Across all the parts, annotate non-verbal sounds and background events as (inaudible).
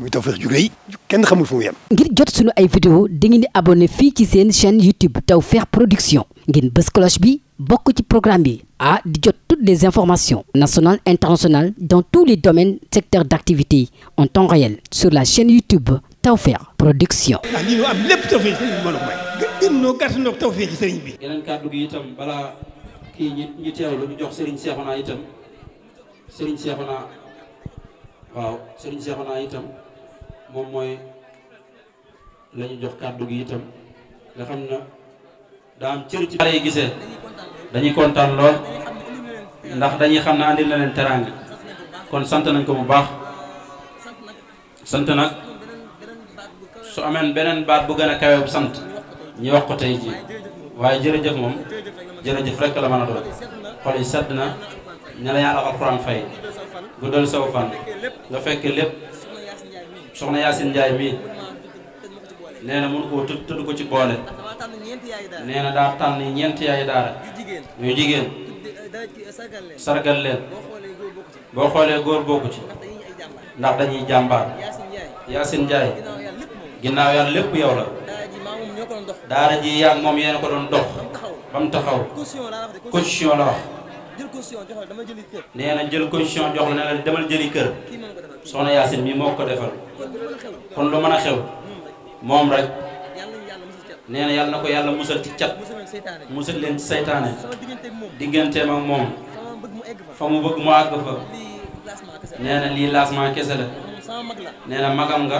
muy Tawfekh ju rëy kenn xamul fu mu ngir jot sunu ay vidéo dangeen di abonné fii ci seen chaîne YouTube Tawfekh Production ngeen bës cloche bi bokk ci programme bi ah di jot toutes les informations nationales internationales dans tous les domaines secteurs d'activité en temps réel sur la chaîne YouTube Tawfekh Production. ah lii am lépp Tawfekh sëriñ bi bi. yeneen kàddu gi itam balaa kii ñi ñi teewlu ñu jox Serigne Cheikhouna itam Serigne Cheikhouna waaw moom mooy la ñu jox kàddu gi itam nga xam na daa cër ci xale yi gisee dañuy kontaan lool ndax dañuy xam ne andil na teraanga kon sant nañ ko bu baax sant nag su ameen beneen baat bu gën a kawe bu sant ñu wax ko tey ji waaye jërëjëf moom jërëjëf rek la mën a doon xol sedd na ña la yàlla alxuraan fay guddal saw fan nga fekke lépp soxna Yacine Ndiaye mii nee na mënu koo tëdd tëdd ko ci boole nee na daa tànn ñeenti yaay daara ñu jigéen sargal leen boo xoolee góor bokku ci ndax dañuy jàmbaar Yacine Ndiaye ginnaaw yàlla lépp yow la daara ji yaag moom yéen ko doon dox ba mu taxaw caution la wax nee na jël caution jox la ne la demal jëli kër soxna Yaasin mii moo ko defal kon lu mën a xew moom rek nee na yàlla na ko yàlla musal ci cat musal leen ci saytaane digganteem ak moom fa mu bëgg mu àgg fa nee na lii lancement kese la nee na magam nga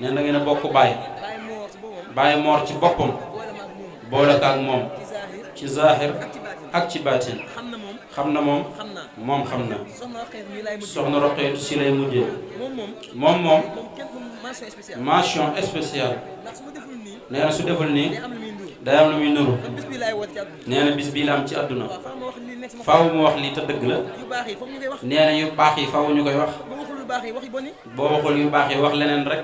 nee na ngeen a bokk bàyyi bàyyi moor ci boppam boole ko ak moom. ci zaahir ak ci baatin xam na moom moom xam na soxna Roqeetu si lay mujjee moom moom mention spéciale nee na su deful nii day am lu muy nuru nee na bis bii am ci àdduna faaw mu wax lii te dëgg la nee na yu baax yi faaw ñu koy wax boo waxul yu baax yi wax leneen rek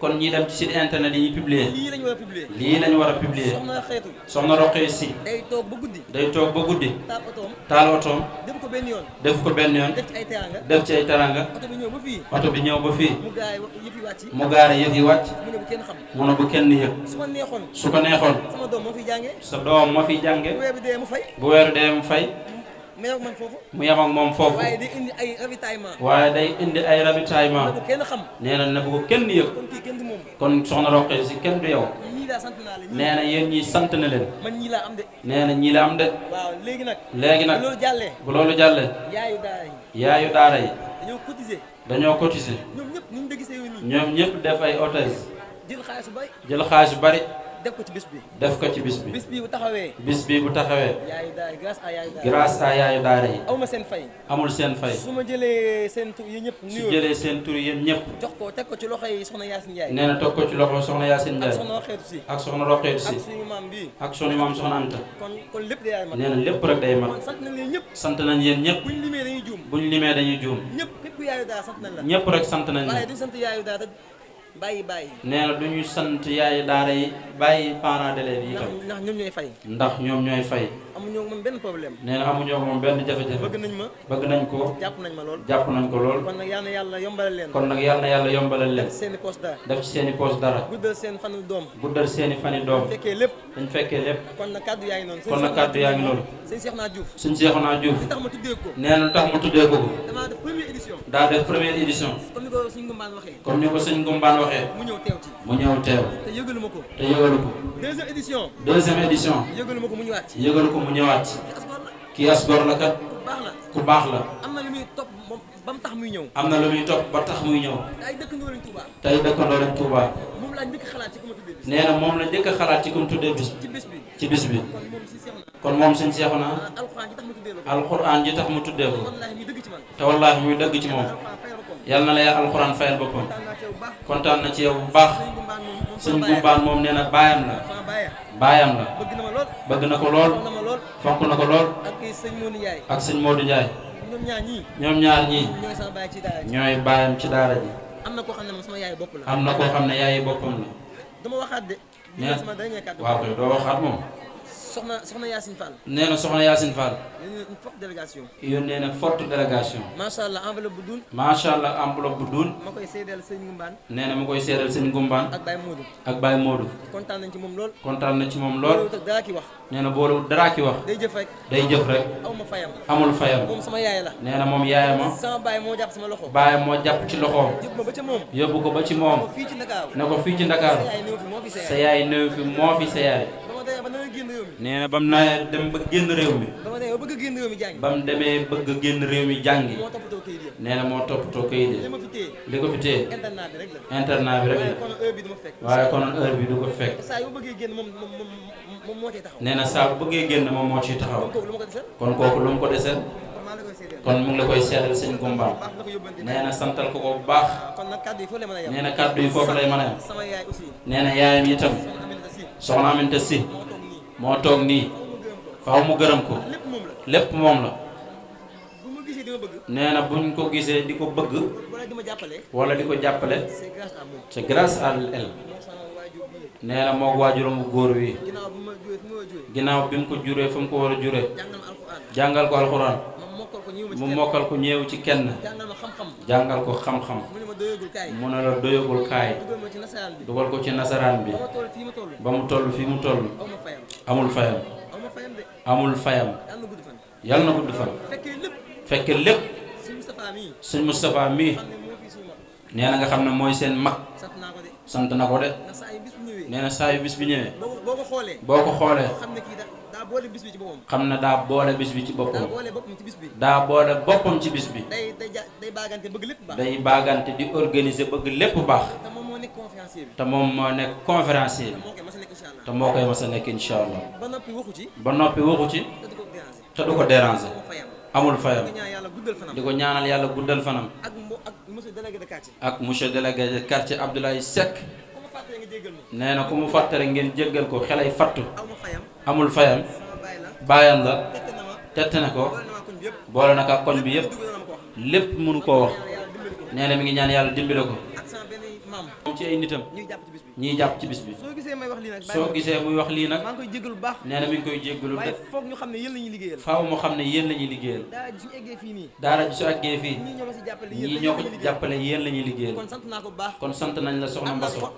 kon ñi dem ci site internet yi ñuy publier lii lañ war a publier lii lañ war a publier soxna xeetu soxna roqee si day toog ba guddi day toog ba guddi taal otoom taal otoom def ko benn yoon def ko benn yoon def ci ay teranga teranga oto bi ñëw ba fii bi ñëw ba fii mu gaare yi wàcc mu gaare yëf yi wàcc mu ne bu kenn xam mu kenn yëg su ko neexoon su ko neexoon sama doom moo fi jànge sa doom moo fi jànge bu weer dee mu fay bu weer bi dee mu fay mu yem ak man foofu. mu yem ak moom foofu. waaye day indi ay ravitaillement. waaye day na ko kenn xam. nee na na kon soxna Roqe si kenn du yow. nee na yéen ñii sant na leen. man ñii laa am de. nee na ñii la am de. waaw léegi nag. léegi nag bu loolu jàllee. bu loolu jàllee. yaayu daara yi. yaayu daara yi. dañoo cotiser. dañoo cotiser. ñoom ñëpp ni ñu jël xaalis bu bari. jël xaalis bu bari. def ko ci bis bi. def ko ci bis bi. bis bi bu taxawee. bis bi bu taxawee. yaayu daara grâce à yaayu daara yi. grâce seen fay. amul seen fay. su ma jëlee seen tur yi ñëpp. nuyoo su jëlee seen tur yi ñëpp. jox ko teg ko ci loxo yi soxna Yacine Ndiaye. nee na teg ko ci loxo soxna Yacine Ndiaye. ak soxna Roqeetu si. ak soxna Roqeetu si. ak soxna Anta. kon kon lépp day mat. nee na lépp rek day mat. sant nañ leen ñëpp. sant nañ yéen ñëpp. buñ sant nañ la. ñëpp rek sant nañ la. waaye duñ sant yaayu daara bàyyi bàyyi nee na du ñuy sant yaay daara yi bàyyi parents d'élèves yi itam ndax ñoom ñooy fay ndax ñoom ñooy fay amuñoo moom benn amuñoo moom benn jafe-jafe bëgg nañ ma bëgg nañ ko jàpp nañ ma lool jàpp nañ ko lool kon nag yal na yàlla yombalal leen kon nag yal na yàlla yombalal leen def i poche i poche dara guddal seen fani fekkee lépp dañ fekkee lépp kon nag kaddu yaa ngi noonu kon nag kaddu yaa ngi noonu sëñ Cheikhouna Diouf sëñ tax ma tuddee ko nee na tax ma tuddee ko damaa première édition daa édition yëgalu ko te yëgalu yëgalu ko mu mu ñëwaat kii as la kat ku la am na lu muy topp ba tax am na lu muy ba tax muy ñëw tey dëkkandoo lañ Touba tey dëkkandoo lañ Touba moom la njëkk xalaat ci ku ma tuddee bis nee na moom la njëkk a xalaat ci ku ma tuddee bis ci bis bi ci bis bi kon moom sëñ Seexu naa alxuraan ji tax mu tuddee ko te wallaahi muy dëgg ci moom yàlla na la ya alxuraan fayal boppam kontaan na ci yow bu baax sëñ Bumbaan moom nee na baayam la baayam la bëgg na ko lool fonk na ko lool ak sëñ du Ndiaye ñoom ñaar ñii ñooy baayam ci daara ji am na koo xam ne moom sama yaay bopp la am na koo xam ne yaay boppam la dama waxaat waaw koy doo waxaat moom soxna soxna Yacine Fall. nee na soxna Yacine Fall. yónnee na forte délégation. yónnee na forte délégation. macha allah enveloppe bu duun. macha allah enveloppe bu duun. ma koy seedeel sëñ Gumbaan. nee na ma koy seedeel sëñ Gumbaan. ak Baye Modou. ak Baye kontaan nañ ci moom lool. kontaan na ci moom lool. boolewut ak daraa ki wax. nee na boolewut daraa ki wax. day jëf rek. day aw ma fayam. amul fayam. moom sama yaay la. nee na moom yaayama. sama baay moo jàpp sama loxo. baay moo jàpp ci loxoom. yóbbu ko ba ci moom. yóbbu ko ba ci moom. ne ko fii ci Ndakaaru. sa yaay néew fi moo fi sa yaay nee na ba mu naa dem ba génn réew mi. ba mu demee bëgg a génn réew mi jàngi. nee na moo toppatoo kayit yi. li ko fi téye. internat bi rek la. waaye konoon heure bi du ko fekk. nee na saa bu bëggee génn moom moo ciy taxaw. kon kooku lu mu ko deseel. kon mu la koy seetal sëñ Gumba nee na santal ko ko bu baax ah, nee na kàddu yi foofu lay mën a yem nee na yaayam itam soxna Aminta Si moo toog nii faaw mu gërëm ko lépp moom la nee na ñu ko gisee di ko bëgg wala di ko jàppale c'est grâce à elle nee na moo waajuram bu góor wi ginnaaw bi mu ko juree fa mu ko war a juree jàngal ko alxuraan mu mokkal ko ñëw ci kenn jàngal ko xam-xam mu ne la doyagul kaay dugal ko ci nasaraan bi ba mu toll fii mu toll amul fayam amul fayam yàlla na gudd fan fekke lépp suñ Moustapha mii nee na nga xam ne mooy seen mag sant na ko de nee na saa yu bis bi ñëwee boo ko xoolee xam na daa boole bis bi ci boppam daa boole boppam ci bis bi day baagante di organiser bëgg lépp baax te moom moo nekk conférencier bi te moo koy mas a nekk incha allah ba noppi waxu ci te du ko déranger amul fayam di ko ñaanal yàlla guddal fanam ak monsieur délégué de quartier Abdoulaye Seck nee na ku mu fàttale ngeen jéggal ko xel ay fattu amul fayam baayam la tette na ko boole na ko koñ bi yëpp lépp mënu koo wax nee na mi ngi ñaan yàlla dimbale ko moom ci ay soo gisee muy wax lii nag soo la ñuy liggéeyal faaw mu xam ne yéen la liggéeyal ko jàppale yéen la ñuy liggéeyal kon sant naa ko bu baax kon sant nañ la soxna Mbasso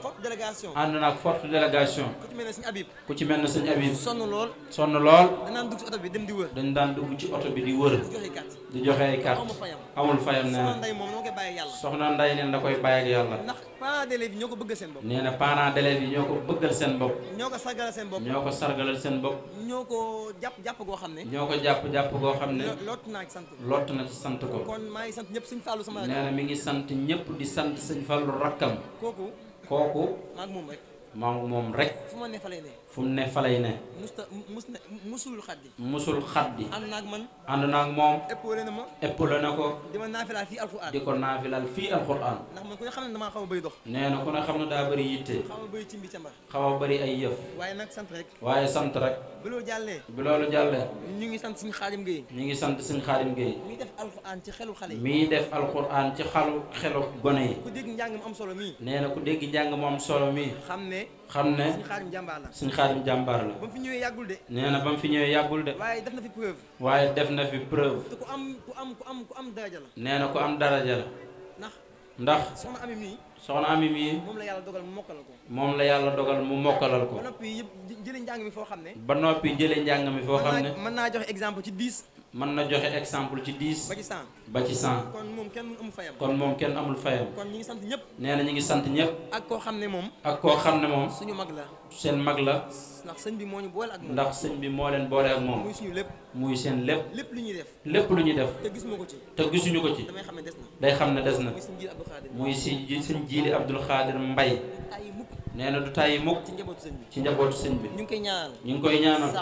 ànd naag forte délégation ku ci mel ne sëñ Habib ku ci mel ne sëñ Habib sonn lool sonn lool dañ daan soxna nday neen da koy bàyyi ak yàlla d'élèves yi ñoo ko bëggal seen bopp. nee na parents d'élèves yi ñoo ko bëggal seen bopp. ñoo ko sargalal seen bopp. ñoo ko sargalal seen bopp. ñoo ko jàpp jàpp goo xam ne. ñoo ko jàpp jàpp goo xam ne. lott na ak sant ko lott na ci sant ko. kon maa ngi sant ñëpp sëñ Fallou sama. nee na mi ngi sant ñëpp di sant sëñ Fallou rakkam. kooku kooku. maa ngi moom rek. maa ngi moom rek. fu ne fa fu mu ne fa lay ne. musul xaddi. musul xaddi. ànd naag man. ànd naag moom. épaulé na ma. épaulé na ko. di ma naafilal fii alxuraan. di ko naafilal fii alxuraan. ndax man ku ne xam ne damaa xaw a dox. nee ku ne xam ne daa bëri yitte. xaw a bëri cimbi càmbar. xaw a bëri ay yëf. waaye nag sant rek. waaye sant rek. bi loolu jàllee. bi loolu jàllee. ñu ngi sant suñu xaadim Guèye. ñu ngi sant suñu xaadim Guèye. miy def alxuraan ci xelu xale yi. miy def alxuraan ci xalu xelu yi. ku am solo mii. nee na ku dégg njàng xam ne suñu xaarim jàmbaar la suñu xaarim jàmbaar la. ba mu fi ñëwee yàggul de. nee na ba mu fi ñëwee yàggul de. waaye def na fi preuve. waaye def na fi preuve. te ku am ku am ku am ku am daraja la. nee na ku am daraja la. ndax ndax. soxna ami mii. soxna ami mii. moom la yàlla dogal mu mokkalal ko. moom la yàlla dogal mu mokkalal ko. ba noppi yëpp jëlee njàng mi foo xam ne. ba noppi jëlee njàng mi foo xam ne. mën naa jox exemple ci 10. mën na joxe exemple ci 10 ba ci 100 kon moom kenn amul fayam kon moom kenn amul fayam kon ñi ngi sant ñëpp nee na ñu ngi sant ñëpp ak koo xam ne moom ak koo xam ne moom suñu mag la seen mag la ndax sëñ bi moo ñu boole ak moom ndax sëñ bi moo leen boole moom muy suñu lépp muy seen lépp lépp lu ñuy def lépp lu ñuy def te gisuma ko ci te gisuñu ko ci damay xam ne des na day xam ne des na muy si sëñ jiili Abdul Xaadir Mbay nee na du tàyyi mukk ci njabootu sëñ bi ci njabootu sëñ bi ñu ngi koy ñaanal ñu ngi koy ñaanal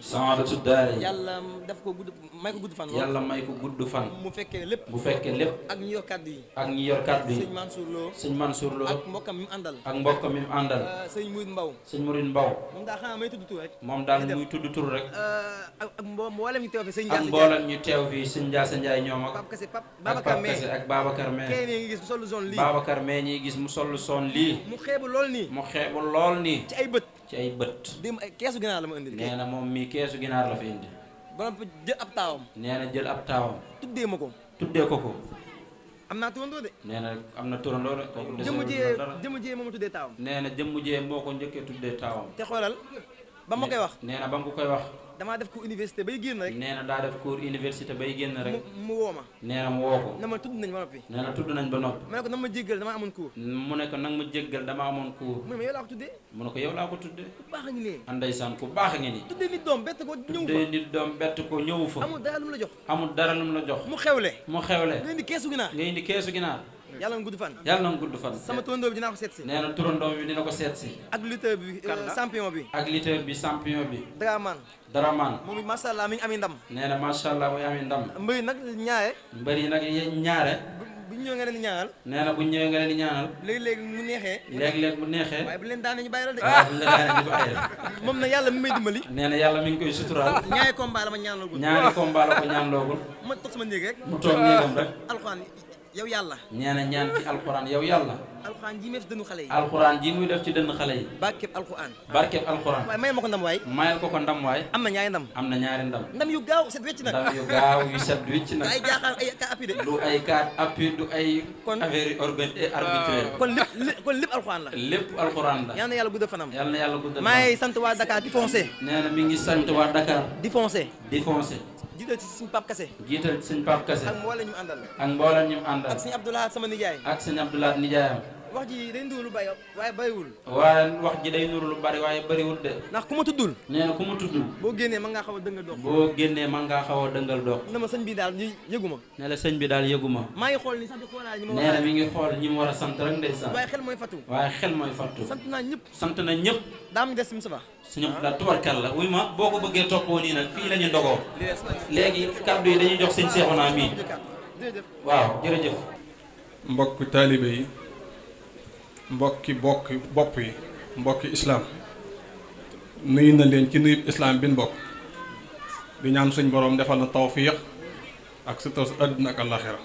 saadatu gudd may ko gudd fan. yàlla may ko gudd fan. mu fekkee lépp bu fekkee lépp. ak ñi yor kàddu yi. ak ñu yor kàddu yi. sëñ Mansour Lo. sëñ Mansour Lo ak mbokkam mi mu àndal. ak mbokkam mi mu àndal. Euh, sëñ Mouride Mbaw. sëñ Mouride Mbaw. moom daal xanaa may tudd tur rek. moom daal muy tudd tur rek. Euh, ak mboolem ñu teew fi sëñ Ndiass ñu teew fi sëñ Ndiass Ndiaye ñoom ak. Pape Kese Pape Babacar Mee ak Babacar Mee. kee ñuy gis mu sollu zone lii. gis mu sollu zone lii. mu xeebu lool nii. mu xeebu lool nii. ci ay bët. ci ay bët. démb ay keesu ginaar la ma indi. nee moom mii keesu ginaar la fi ba noppi jël ab taawam. nee na jël ab taawam. tuddee ma ko. tuddee ko ko. am naa turandoo de. nee na am na turandoo de. kooku desewul dara jëmm jee ma tuddee taawam. nee na jëmm jee moo ko njëkkee tuddee taawam. te xoolal ba ma koy wax. nee na ba mu koy wax. damaa def cours université bay génn rek nee na daa def cours université bay génn rek mu woo ma nee na mu woo ko na ma tudd nañ ba noppi nee na tudd nañ ba noppi ma ne ko nag ma jéggal damaa amoon cours mu ne ko nag ma jéggal dama amoon cours mu ne ma yow laa ko tuddee mu ne ko yow laa ko tuddee ku baax a ngi nii andaysaan ku baax a ngi nii tuddee nit doom bett ko ñëw fa tuddee nit doom bett ko ñëw fa amul dara lu la jox amul dara lu la jox mu xew xewle mu xewle nga indi keesu ginaar nga indi keesu ginaar yàlla na gudd fan yàlla na gudd fan sama turandoo bi dina ko seet si nee na bi dina ko seet si euh, ak lutteur bi champion bi ak lutteur bi sampion bi Dramane Dramane moom it macha allah mi ngi am ndam nee na macha allah muy am ndam mbëri nag ñaare mbëri nag ñaare bu ñu ñëwee nga leen di ñaanal nee na bu ñëwee nga leen di ñaanal léegi léeg mu neexee léeg-léeg mu neexee waaye bu leen daanee ñu bàyyi la de ah, (laughs) moom na yàlla mi may dimbali nee na yàlla mi ngi koy suturaal ñaari combat la ma ñaanalagul ñaari combat la ko ñaanalagul ma toog sama néeg yow yàlla nee ñaan ci alxuraan yow yàlla alxuraan ji muy def ci dënn xale yi alxuraan ji muy ci dënn xale yi barkeb alxuraan barkeb alxuraan waaye mayal ma ko ndam waay mayal ko ko ndam waay am na ñaari ndam am na ñaari ndam ndam yu gaaw set wecc nag ndam yu gaaw yu set wecc nag (laughs) ay jaaxaar ay ka appui du ay carte appui du ay kon affaire organe kon lépp kon lépp alxuraan la lépp alxuraan la yal na yàlla yàlla gudd fanam maa sant waa Dakar di foncé nee na mi ngi sant waa Dakar di foncé di foncé jiital ci suñu Pape Kassé jiital ci suñu Pape Kassé ak mboolem ñu àndal ak mboolem ñu àndal ak suñu Abdoulaye sama nijaay ak suñu Abdoulaye nijaayam wax ji day nuru lu bari waaye bariwul. waaye wax ji day nuru lu bari waaye bariwul de. ndax ku ma tuddul. nee na ku ma tuddul. boo génnee mën ngaa xaw a dëngal dox. boo génnee mën ngaa xaw a dëngal dox. ne ma sëñ bi daal yëgu ma. ne la sëñ bi daal yëgu ma. maa ngi xool ni sax di xoolaale ñi ma war a. nee na mi ngi xool ñi ma war a sant rek ndeysaan. waaye xel mooy fattu. waaye xel mooy fattu. sant naa ñëpp. sant na ñëpp. daa mu des mu sabax. suñu la tubarkal la wuy ma boo ko bëggee toppoo nii nag fii la ñu ndogoo. léegi kàddu yi dañuy jox sëñ Seexuna mi waaw jërëjëf mbokk taalibe yi mbokki bokk bopp yi mbokki islaam nuyu na leen ci nuyub islaam bin bokk di ñaan suñ boroom defal na tawfiix ak su taw su àdduna ak àllaaxira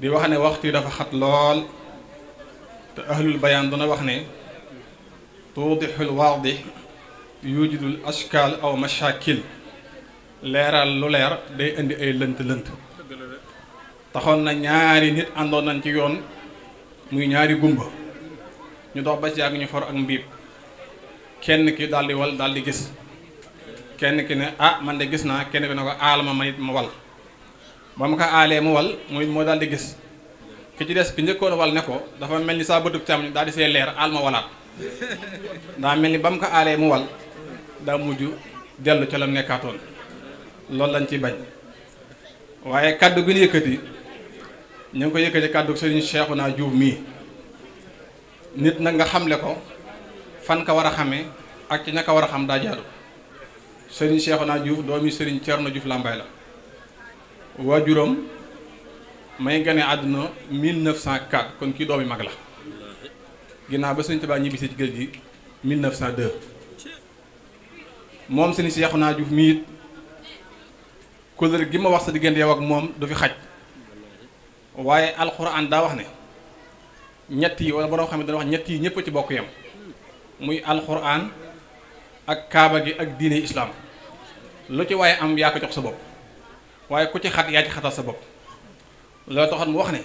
di wax ne waxtu yi dafa xat lool te ahlul bayaan dana wax ne tuudixul waadix yujidul ashkaal aw mashaakil leeral lu leer day indi ay lënt lënt taxoon na ñaari nit àndoon nañ ci yoon muy ñaari gumba ñu dox ba ci yàgg ñu for ak mbiib kenn ki daldi wal daldi gis kenn ki ne ah man de gis naa kenn ki ne ko aal ma manit ma wal ba mu ko aalee mu wal muy moo daldi gis ki ci des ki njëkkoon wal ne ko dafa mel ni saa bëtub càmmoñ daal di see leer aal walaat daa mel ni ba mu ko aalee mu wal daa mujj dellu ca lam nekkaatoon loolu lañ ci bañ waaye kaddu gi ñu yëkkati ñu ngi ko yëkkati kàddu sëriñ naa Diouf mii nit nag nga xamle ko fan ka war a xamee ak ci ña ka war a xam daa jaadu sëriñ Cheikhouna Diouf doomi sëriñ na Diouf Lambaye la waa waajuram may gane àdduna 1904 kon kii doomi mag la ginnaaw ba sëriñ Tuubaa ñibbisi ci géej gi 1902 moom sëriñ Cheikhouna Diouf mii it couleur gi ma wax sa diggante yow ak moom du fi xaj waaye alxuraan daa wax ne ñett yi wala borom xam ne dana wax ñett yi ñëpp ci bokk yam muy alxuraan ak kaaba gi ak diine islaam lu ci waaye am yaa ko jox sa bopp waaye ku ci xat yaa ci xatal sa bopp loolu taxoon mu wax ne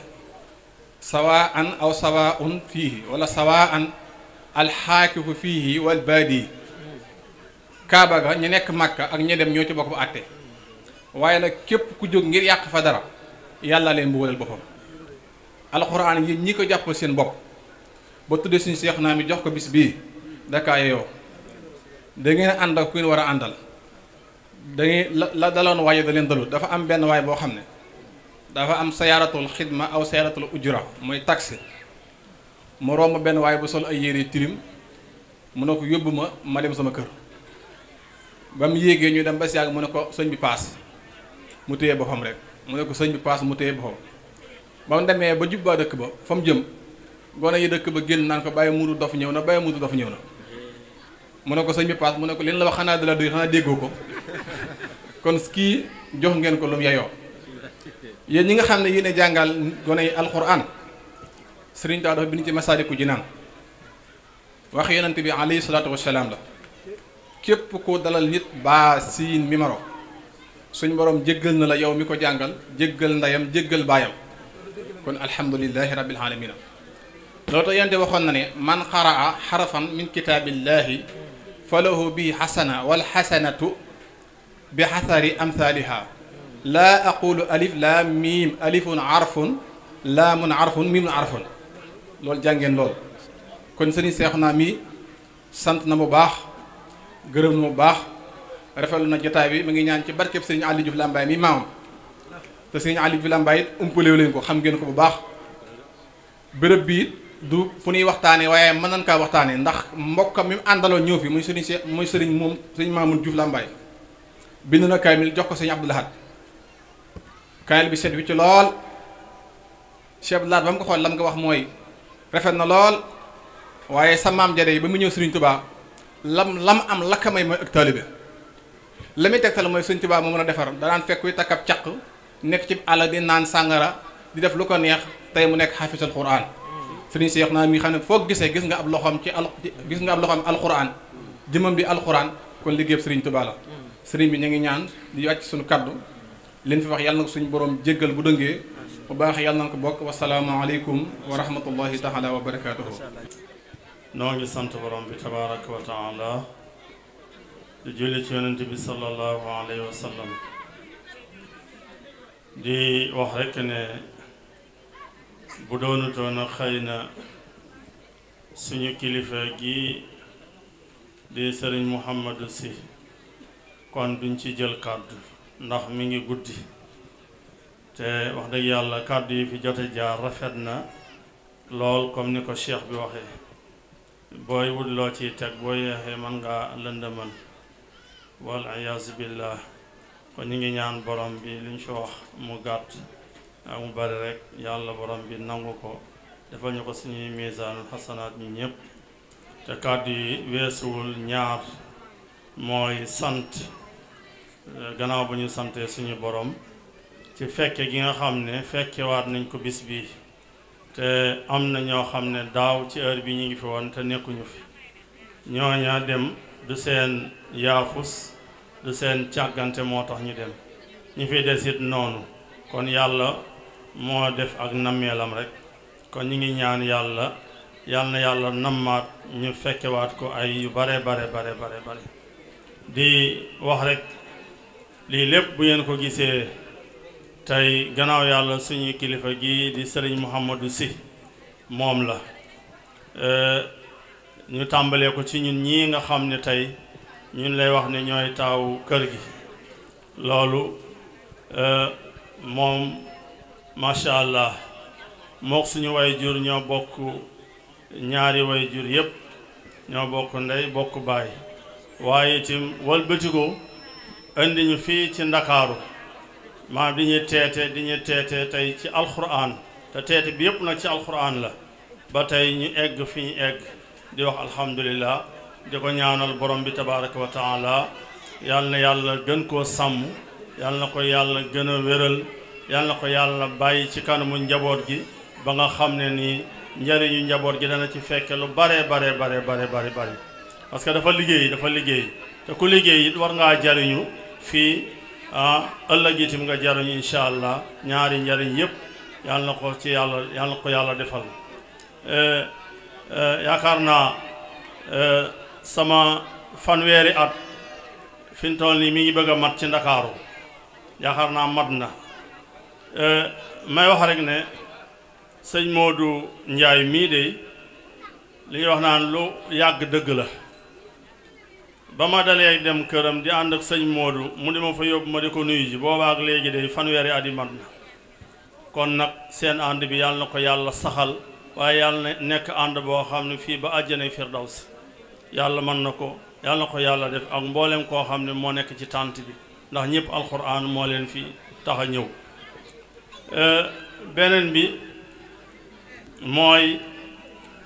sawaa aw sawaa un fiihi wala sawaa an alxaakifu fiihi wal kaaba ga ñu nekk màkka ak ñu dem ñoo ci bokk ba àtte waaye nag képp ku jóg ngir yàq fa dara yàlla leen mbugalal boppam alxuraan yi ñi ko jàppal seen bopp ba tuddee siñ seex naa mi jox ko bis bii dakaay yow da ngeen ànd ku ngeen war a àndal da la la daloon waaye daleen leen dafa am benn waay boo xam ne dafa am sayaaratul xidma aw sayaaratul ujura mooy taxi moroom romb benn waay bu sol ay yére tirim mu ne ko yóbbu ma ma dem sama kër ba mu yéegee ñu dem ba si yàgg mu ne ko sëñ bi paas mu téye boppam rek. mu ne ko sëñ bi paas mu téye boppam ba mu demee ba jubbaa dëkk ba fa mu jëm gone yi dëkk ba génn naan ko bàyyi muudu dof ñëw na bàyyi muudu dof ñëw na mu ne ko sëñ bi paas mu ne ko leen la wax xanaa dala doy xanaa déggoo ko kon kii jox ngeen ko lu mu yeyoo yéen ñi nga xam ne yéen jàngal gone yi alxuraan sëriñ Tuubaa dafa bind ci Masaaliku Jinaan wax yonent bi alayhi salaatu wasalaam la képp ko dalal nit baa siin mimaro suñ boroom jéggal na la yow mi ko jàngal jéggal ndeyam jéggal baayam kon alhamdulilahi rabbil alamina loolu tax yonent waxoon na ne man qaraa xarafan min kitaabillahi fa lahu bi xasana wal xasanatu bi xasari amthaliha laa aqulu alif laa miim alifun arfun laamun arfun miimun arfun loolu jàngeen lool kon sëriñ Seexuna mi sant na mu baax gërëm na mu baax rafetlu na jotaay bi mu ngi ñaan ci barkeb sëriñ Aliou Diouf Lambaye mi maamam te sëriñ Aliou Diouf Lambaye it umpalewu leen ko xam ngeen ko bu baax béréb bi du fu ñuy waxtaanee waaye mën nañ kaa waxtaanee ndax mbokkam mi mu àndaloon ñëw fi muy sëriñ se muy sëriñ moom sëriñ Mamoun Diouf Lambaye bind na kaamil jox ko sëriñ Abdou Lahad kaamil bi set wi ci lool Cheikh Abdou Lahad ba mu ko xool lam nga wax mooy rafet na lool waaye sa maam yi ba mu ñëw sëriñ Tuubaa lam lam lakka may mooy ak taalibe la muy tegtal mooy suñ Tuubaa moo mën a defar danaan fekk kuy takk ab caq nekk ci àll di naan sàngara di def lu ko neex tey mu nekk xaafisal Qur'an sëriñ Seex naa mi xam ne foo gisee gis nga ab loxoom ci al gis nga ab loxoom alquran jëmam bi alxuraan kon liggéey sëriñ Tuubaa la sëriñ bi ñu ngi ñaan di wàcc suñu kaddu leen fi wax yàlla na suñu borom jéggal bu dëngee bu baax yàlla na ko bokk wasalaamaaleykum wa rahmatullahi taala wa barakaatuhu noo ngi sant borom bi tabaraka wa taala di julli ci yonent bi sallallahu alayhi wa di wax rekk ne bu doonutoon xëy na suñu kilifa gi di sëriñ Mouhamadou Sy kon duñ ci jël kàddu ndax mi ngi guddi te wax dëgg yàlla kàddu yi fi jote jaar rafet na lool comme ni ko cheikh bi waxee booy wut loo ciy teg boo yeexee mën ngaa lëndëmal wal ayaazu billah kon ñu ngi ñaan borom bi li ñu fi wax mu gàtt ak mu bari rek yàlla borom bi nangu ko defal ñu ko suñuy misaanul xasanaat ñu ñëpp te kàddu yi weesuwul ñaar mooy sant gannaaw bu ñu santee suñu borom ci fekke gi nga xam ne fekkewaat nañ ko bis bi te am na ñoo xam ne daaw ci heure bi ñu ngi fi woon te nekkuñu fi ñooña dem du seen yaaxus du seen càggante moo tax ñu dem ñi fi des it noonu kon yàlla moo def ak nammeelam rek kon ñu ngi ñaan yàlla yàlla na yàlla nammaat ñu fekkewaat ko ay yu bare bare bare bare di wax rek lii lépp bu ngeen ko gisee tey gannaaw yàlla suñuy kilifa gi di sëriñ Mouhamadou si moom la euh, ñu tàmbalee ko ci ñun ñii nga xam ne tey ñu lay wax ni ñooy taawu kër gi loolu euh, moom macha allah mook suñu way jur ñoo bokk ñaari way jur yépp ñoo bokk ndey bokk baay waaye itam walbatiku indi ñu fii ci ndakaaru maanaam di ñu teete di ñu teete tey ci alquran te teete bi yépp nag ci alquran la ba tey ñu egg fi ñu egg di wax alhamdulillah di ko ñaanal borom bi tabaraka wa taala na yàlla gën koo sàmm yal na ko yàlla gën a wéral yal na ko yàlla bàyyi ci kanamu njaboot gi ba nga xam ne nii njëriñu njaboot gi dana ci fekk lu bare bare bare bare bare bare parce que dafa liggéey dafa liggéey te ku liggéey it war ngaa jariñu fii ah ëllëg itam nga jariñu incha allah ñaari njariñ yëpp yal na ko ci yàlla yal na ko yàlla defal eh, eh, yaakaar naa eh, sama fanweeri at fi mu toll nii mi ngi bëgg a mat ci ndakaaru yaakaar naa mat na euh, may wax rek ne sëñ moodu njaay mii de li ñuy wax naan lu yàgg dëgg la ba ma dalee dem këram di ànd ak sëñ moodu mu di ma fa yóbbu ma di ko nuyu ji ak léegi de fanweeri at yi mat na kon nag seen ànd bi yàlla na ko yàlla saxal waaye yàlla na nekk ànd boo xam ne fii ba àjjana firdaws yàlla mën na ko yàlla ko yàlla def ak mboolem koo xam ne moo nekk ci tànt bi ndax ñëpp alxuraan moo leen fi tax a ñëw euh, beneen bi mooy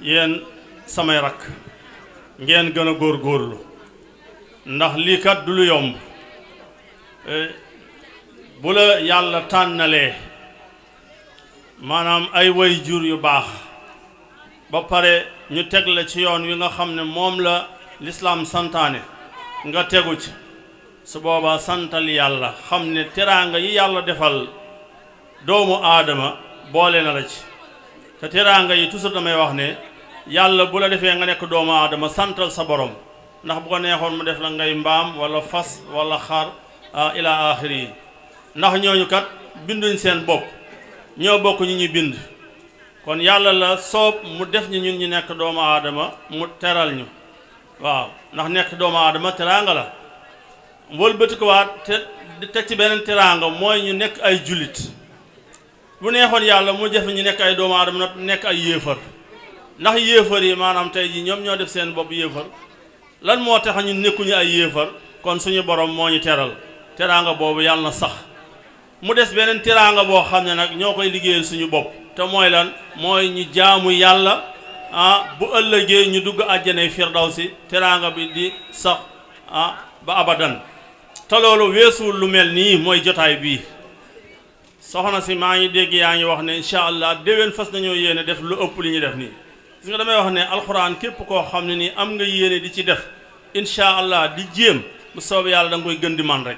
yéen samay rakk ngeen gën a góorlu ndax lii kat du lu yomb euh, bu la yàlla tànnalee maanaam ay way jur yu baax ba pare ñu teg la ci yoon wi nga xam ne moom la lislaam santaane nga tegu ci su boobaa santal yàlla xam ne teraanga yi yàlla defal doomu aadama boole na la ci te teraanga yi toujours damay wax ne yàlla bu la defee nga nekk doomu aadama santal sa borom ndax bu ko neexoon mu def la ngay mbaam walla fas wala xar ah, ila axiri yi ndax ñooñu kat binduñ seen bopp ñoo bokk ñi ñu bind kon yàlla la soob mu def ñi ñun ñu nekk doomu aadama mu teral ñu waaw ndax nekk doomu aadama teraanga la wëlbati ko waat te ci beneen teraanga mooy ñu nekk ay jullit bu neexoon yàlla mu jafe ñu nekk ay doomu aadama nag nekk ay yéefar ndax yéefar yi maanaam tey jii ñoom ñoo def seen bopp yéefar lan moo tax ñu nekkuñu ay yéefar kon suñu borom moo ñu teral teraanga boobu yàlla na sax mu des beneen teraanga boo xam ne nag ñoo koy liggéeyal suñu bopp te mooy lan mooy ñu jaamu yàlla ah bu ëllëgee ñu dugg àjjanay si teraanga bi di sa ah ba abadan te loolu weesuwul lu mel nii mooy jotaay bii soxna si maa ngi dégg yaa ngi wax ne incha allah déwén fas nañoo yéene def lu ëpp li ñuy def nii gis nga damay wax ne alxuraan képp koo xam ne nii am nga yéene di ci def incha allah di jéem bu soobee yàlla da koy gën di man rek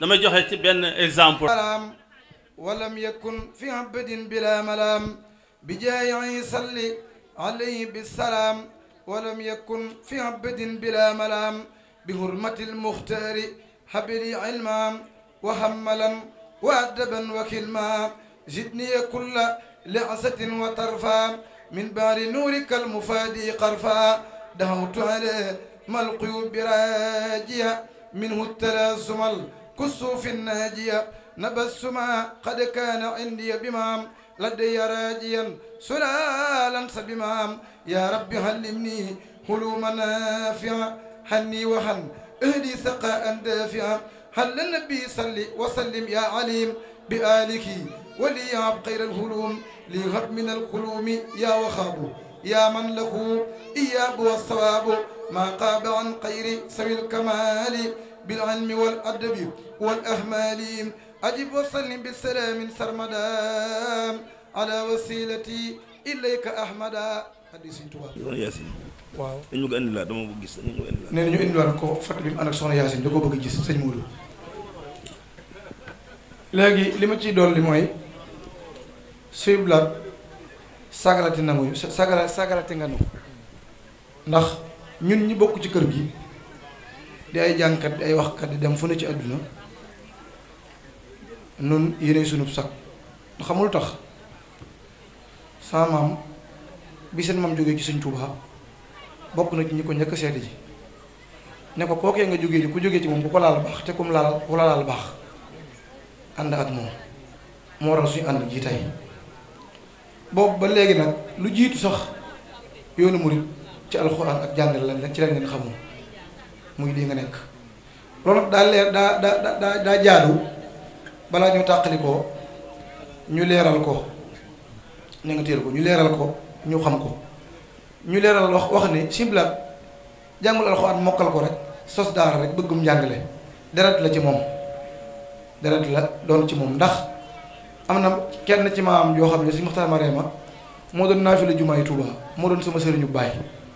damay joxe ci benn exemple. ولم يكن في عبد بلا ملام بجاي صلي عليه بالسلام ولم يكن في عبد بلا ملام بهرمة المختار حبلي علما وحملا وأدبا وكلما زدني كل لعسة وطرفا من بار نورك المفادي قرفا دعوت عليه ما القيوب براجية منه التلازم الكسوف الناجيه نبس ما قد كان عندي بمام لدي راجيا سلالا سبمام يا رب علمني علوما نافعة حني وحن اهدي سقاء دافعا هل النبي صل وسلم يا عليم بآلك وليعب خير الهلوم ليهب من القلوم يا وخاب يا من له إياب والصواب ما قاب عن خير سوي الكمال بالعلم والأدب والأهمال أجب وسلم بالسلام سرمدا على وسيلتي إليك أحمدا حديث Tuubaa Yaasin waaw dañu ko indi laa dama ko gis dañu ko ñu indiwaat ko fat bi mu ànd ak soxna Yaasin da ko bëgg gis sëñ Moodu léegi li ma ci doon li mooy suy blaat sagalati na sagalati nga nu ndax ñun ñi bokk ci kër gi di ay jàngkat di ay waxkat di dem fu ne ci àdduna nun yéene sunub sag xamul tax sa maam bi seen maam jógee ci sëñ tubaa bokk na ci ñu ko njëkk seeti ji ne ko kookee nga jógee di ku jógee ci moom ku ko laal baax te kum laal ku la laal ak moom moo waral ànd ji tey ba léegi nag lu jiitu sax yoonu murit ci alxuraan ak jàngale lañ leen ci lañ leen xamul muy lii nga nekk loolu nag daa leer daa daa daa daa jaadu balaa ñu tàqali ko ñu leeral ko ñu nga téel ko ñu leeral ko ñu xam ko ñu leeral wax wax ne siblaat jàngul at mokkal ko rek sos daara rek bëggum njàngale deret la ci moom deret la doon ci moom ndax am na kenn ci am yoo xam ne si Muxtaar Mareema moo doon naafila jumaay Touba moo doon sama sëriñu baay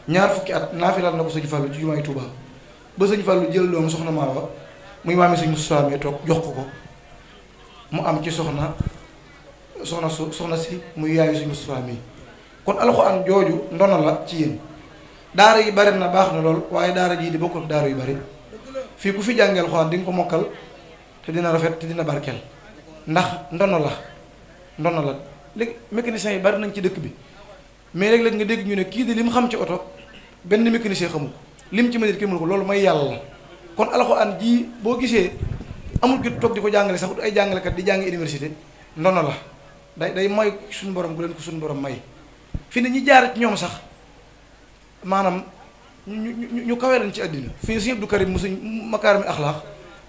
ñaar fukki at naafilal na ko sëñ Fallou ci jumaay Touba ba sëñ Fallou jël doom soxna Maawa muy maami sëñ Moussa mi toog jox ko ko mu am ci soxna soxna su soxna si muy yaayu si Moustapha mi kon an jooju ndono la ci yéen daara yi bari na baax na lool waaye daara jii di bokkul ak daara yu bari fii ku fi jàngee alxuraan di nga ko mokkal te dina rafet te dina barkeel ndax ndono la ndono la léegi mécanicien yi bari nañ ci dëkk bi mais léeg-léeg nga dégg ñu ne kii de li xam ci oto benn mécanicien xamu ko lim ci mënit ki ko loolu mooy yàlla kon kon alxuraan jii boo gisee amul jot toog di ko jàngale sax ay jàngalekat di jàngi université ndono la day day may suñu borom bu leen ko suñu borom may fi ne ñi jaar ci ñoom sax maanaam ñu ñu ñu kawee lañ ci àddina fi ne sëñ Abdou Karim mu sëñ makaarami axlaax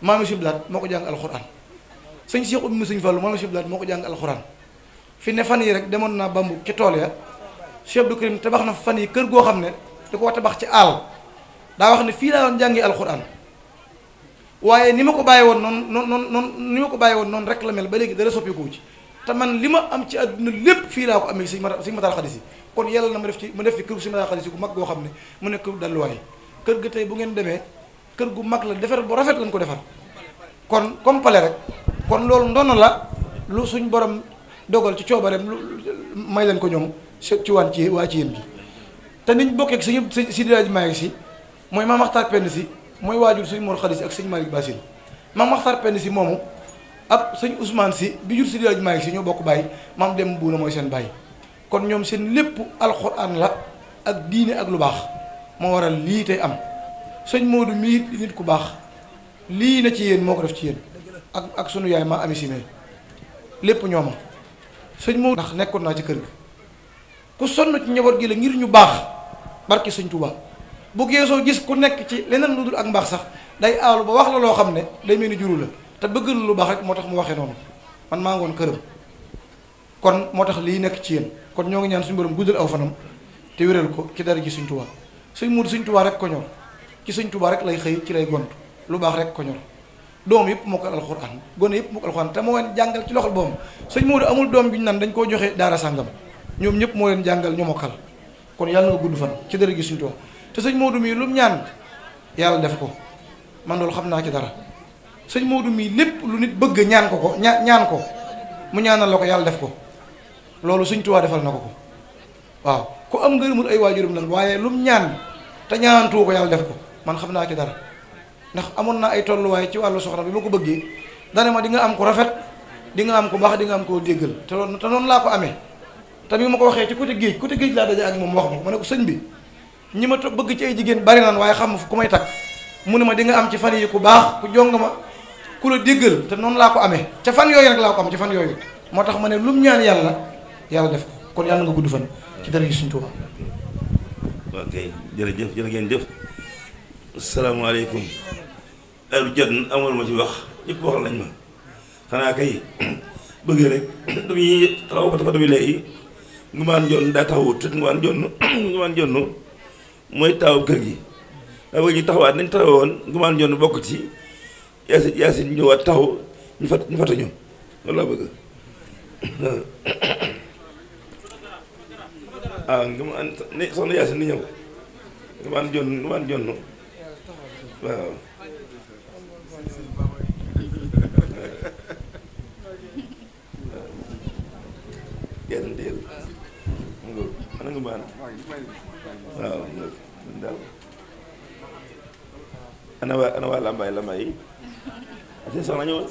maami siblaat moo ko jàng sëñ Cheikh Oumy mu sëñ Fallou maami siblaat moo ko jàng alxuraan fi ne fan yi rek demoon naa mu ci tool ya Cheikh Abdou Karim tabax na fan yi kër goo xam ne da ko wax tabax ci àll daa wax ne fii laa doon jàngee alxuraan waaye ni ma ko bàyyi woon noonu noonu noonu ni ma ko bàyyi woon noonu rek la mel ba léegi dara soppeeku ci te man li ma am ci àdduna lépp fii laa ko amee sëñ Mata sëñ Mata Xadisi kon yàlla na ma def ci ma def ci kër sëñ Mata Xadisi gu mag goo xam ne mu nekk këru dalluwaay kër ga tey bu ngeen demee kër gu mag la defar bu rafet lañ ko defar kon comme pale rek kon loolu ndono la lu suñ borom dogal ci coobareem lu may leen ko ñoom ci waan ci waa ci yéen gi te niñ bokkee si sëñ si dilaaj maa ngi si mooy ma waxtaan penn si mooy waajur sëñ Mor Xalis ak sëñ Malick Bassine maam Maxtar Pend si moomu ak sëñ Ousmane si bi jur si diwaaj Malick si ñoo bokk bàyyi maam dem buuna mooy seen bàyyi kon ñoom seen lépp alxuraan la ak diine ak lu baax moo waral lii tey am sëñ Modou mii nit ku baax lii na ci yéen moo ko def ci yéen ak ak sunu yaay maa ami simé lépp ñooma sëñ Modou dax nekkoon naa ci kër gi ku sonn ci njaboot gi la ngir ñu baax barki sëñ Touba. bu geesoo gis ku nekk ci leneen lu dul ak mbaax sax day aalu ba wax la loo xam ne day mel ni juru la te bëgg nu lu baax rek moo tax mu waxee noonu man maa ngoon këram kon moo tax lii nekk ci yéen kon ñoo ngi ñaan suñu borom guddal aw fanam te wéral ko ci dara ji suñ tubaa suñ muud suñ tubaa rek ko ñor ci suñ tubaa rek lay xëy ci lay gont lu baax rek ko ñor doom yëpp mokkal alxuraan gone yëpp mokkal alxuraan te moo leen jàngal ci loxol boom suñ muudu amul doom bi ñu naan dañ koo joxe daara sàngam ñoom ñëpp moo leen jàngal ñu mokkal kon yàlla nga gudd fan ci dara gi te sëñ Modou mii lu mu ñaan yàlla def ko man loolu xam naa ci dara sëñ Modou mii lépp lu nit bëgg ñaan ko ko ña ñaan ko mu ñaanal la ko yàlla def ko loolu sëñ Tuubaa defal na ko ko waaw ku am nga ngërëmul ay waajuram lan waaye lu mu ñaan te ñaanantuwu ko yàlla def ko man xam naa ci dara ndax amoon naa ay tolluwaay ci wàllu soxna bi ma ko bëggee dane ma di nga am ko rafet di nga am ko baax di nga am koo déggal te loolu te noonu laa ko amee te ma ko waxee ci côté géej côté géej laa daje ak moom wax ma ma ne ko sëñ bi ñi ma bëgg ci ay jigéen bari naan waaye xam ma fu ku may takk mu ne ma dinga am ci fan yi ku baax ku jong ma ku la déggal te noonu laa ko amee ca fan yooyu rek laa ko am ca fan yooyu moo tax ma ne lu ñaan yàlla yàlla def kon yàlla nga gudd ci dara yi suñu Tuubaa ok jërëjëf jërë ma ci wax ñëpp wax lañ ma xanaa kay (clears throat) bëgg rek (clears throat) damuy taxaw ko tafa dami léegi ngumaan jonn daa taxawut ngumaan jonn (clears throat) ngumaan jonn mooy taaw kër gi daa bëgg ñu taxawaat nañ taxaw woon gumaan joon bokk ci yaasin yaasin ñëwaat taxaw ñu fat ñu fatañu loolu laa bëgg (coughs) ah gumaan soxna yaasin ni ñëw gumaan joon gumaan joon waaw (laughs) ana nga baal ah, waaw man daal ana waa ana waa lambaay yi ate soxna ñëwal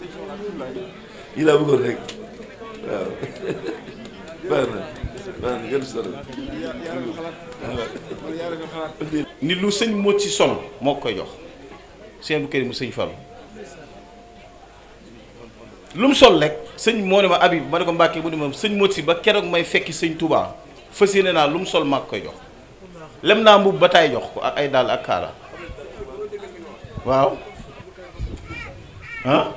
yi laa bëggoon rek ah. waaw (laughs) baax na baax na gën solo ni lu sëñ moo ci sonn moo koy jox sëñ bu kër mu sëñ Fall lu sol rek sëñ moo ne ma Habib ma ne ko Mbàkke mu ne sëñ moo ci ba keroog may fekki sëñ Touba fas yéene naa lu mu sol mag koy jox lem naa mbubb ba taay jox ko ak ay dàll ak kaala waaw ah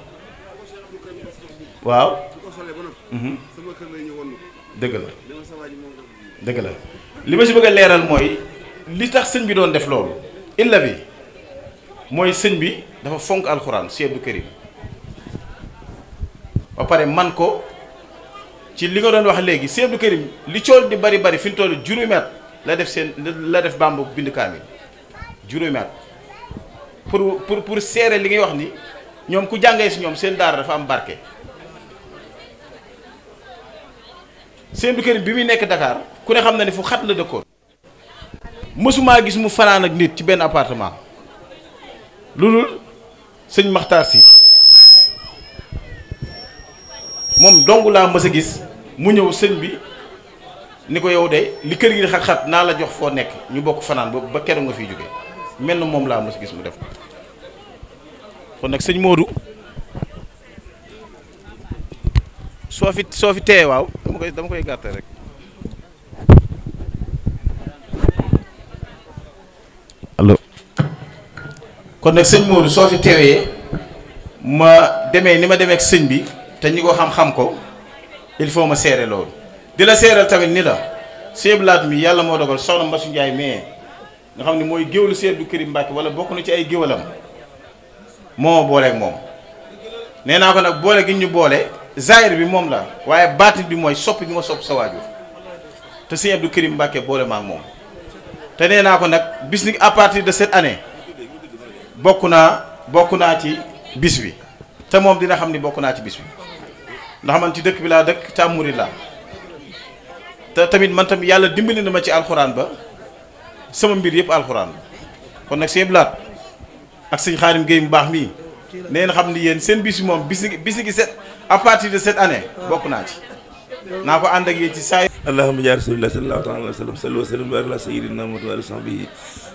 waaw mhm. dëgg la dëgg la li ma si bëgg leeral mooy li tax sëñ bi doon def loolu illa bi mooy sëñ bi dafa fonk alxuraan Sëñ Abdou Karim ba pare man ko ci li nga doon wax léegi Sëñ Abdou Karim li cool di bari bari fi mu toll juróomi la def seen la def Bàmba bind kaamil juróomi pour pour pour seere li ngay wax ni ñoom ku jàngee si ñoom seen daara dafa am barke. Sëñ Abdou Karim bi muy nekk Dakar ku ne xam na ne fu xat la dëkkoon mësumaa gis mu fanaan ak nit ci benn apartement lu dul sëñ Maxtaar si. moom dong laa mës a gis mu ñëw sëñ bi ni ko yow de li kër gi xat-xat naa la jox foo nekk ñu bokk fanaan boobu ba keroog nga fiy jógee mel na moom laa ma a gis mu def kon nag sëñ Modou soo fi soo fi tee waaw dama koy dama koy nag sëñ Modou soo fi teewee ma demee ni ma demee ak sëñ bi. te ñu ko xam-xam ko il faut ma seere loolu di la seeral tamit ni la Sëñ Laat mi yàlla moo dogal soxna Mbasu Njaay mais nga xam ne mooy géwlu Sëñ du Karim Mbàkke wala bokk na ci ay géwalam moo booleeg moom nee naa ko nag boole gi ñu boole zaahir bi moom la waaye baatin bi mooy sopp gi ma sopp sa waajur te Sëñ Abdou boole maak moom te naa ko nag bis ni à partir de cette année bokk naa bokk naa ci bis bi te moom dina xam ni bokk naa ci bis ndax man ci dëkk bi laa dëkk te am murid laa te tamit man tamit yàlla dimbali na ma ci alxuraan ba sama mbir yëpp alxuraan kon nag sëñ Blaat ak sëñ Xaarim Gueye baax mii nee na xam ni yéen seen bis moom bis bisi gi set à partir de cette année bokk naa ci naa ko ànd ak yéen ci saay allahumma ya rasulillah sallallahu taala alayhi wa sallam sallu wa sallim wa ala sayyidina muhammad wa ala sahbihi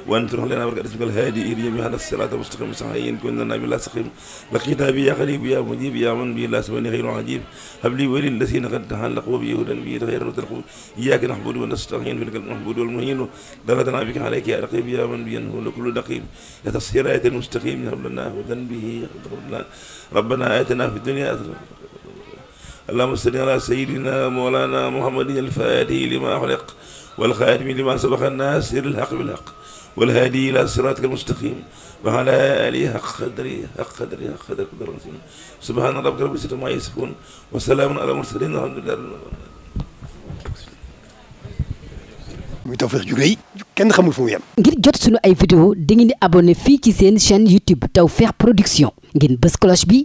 wa an turux lana barkat ismika alhaadi ili jami ala sirata mustaqim sax yéen ko lana bi la saqim laqita bi ya xarib ya mujib ya man bi la samani xayru ajib habli wali lasina qad tahalaqu bi yahudan bi xayra wa talqu iyyaka nahbudu wa nastahin fi lkal mahbud wal muhin dalatana bika alayka ya raqib ya man bi yanhu lakul naqib ya tasirata almustaqim hab lana hudan bihi rabbana atina fi dunya اللهم صل على سيدنا مولانا محمد الفاتح لما أغلق والخاتم لما سبق الناس الحق بالحق والهادي إلى صراطك المستقيم وعلى آله حق قدره حق قدره حق قدره قدر عظيم سبحان ربك رب العزة عما يصفون وسلام على المرسلين والحمد لله muy Tawfekh ju rëy kenn xamul fu mu yem ngir jot sunu ay vidéo dangeen di abonné fii ci seen chaîne YouTube Tawfekh Production ngeen bës cloche bi